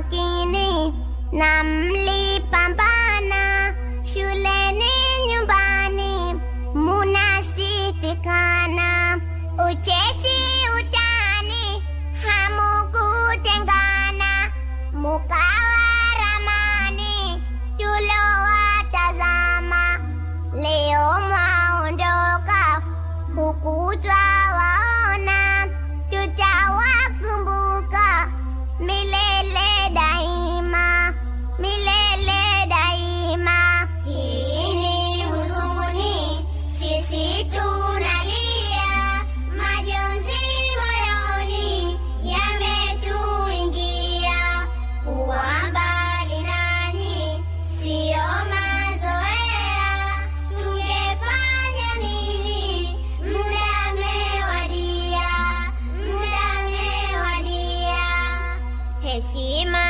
umakini na mlipambana shuleni, nyumbani munasifikana ucheshi pessima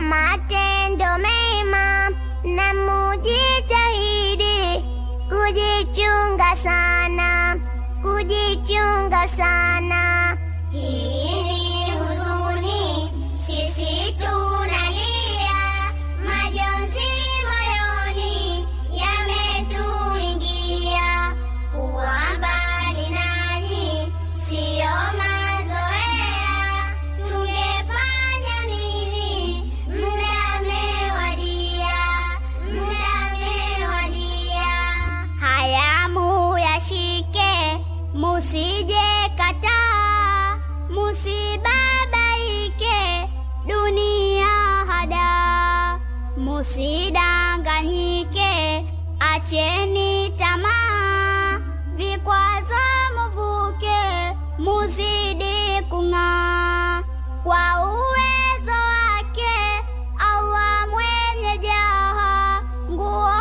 matendo mema na mujitahidi kujichunga sana, kujichunga sana hii Msidanganyike, acheni tamaa, vikwazo muvuke, muzidi kung'aa kwa uwezo wake Allah mwenye jaha, nguo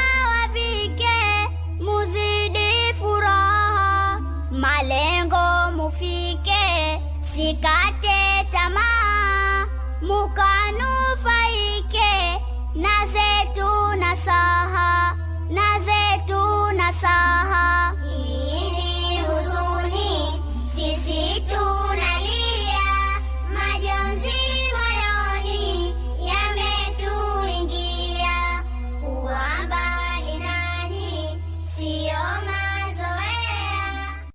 awavike, muzidi furaha, malengo mufike, sikate tamaa, mukanufaike na zetu nasaha na zetu nasaha